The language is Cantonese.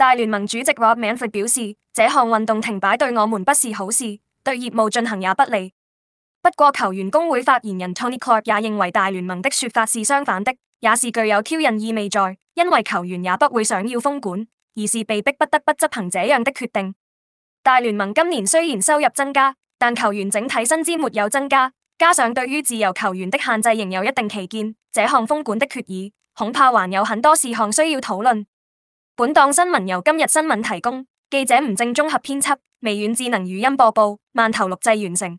大聯盟主席 Rob Manfred 表示，這項運動停擺對我們不是好事，對業務進行也不利。不過，球員工會發言人 Tony Clark 也認為大聯盟的說法是相反的，也是具有挑釁意味在，因為球員也不會想要封管，而是被逼不得不執行這樣的決定。大聯盟今年雖然收入增加，但球員整體薪資沒有增加，加上對於自由球員的限制仍有一定期見，這項封管的決議恐怕還有很多事項需要討論。本檔新聞由今日新聞提供，記者吳正綜合編輯，微軟智能語音播報，饅頭錄製完成。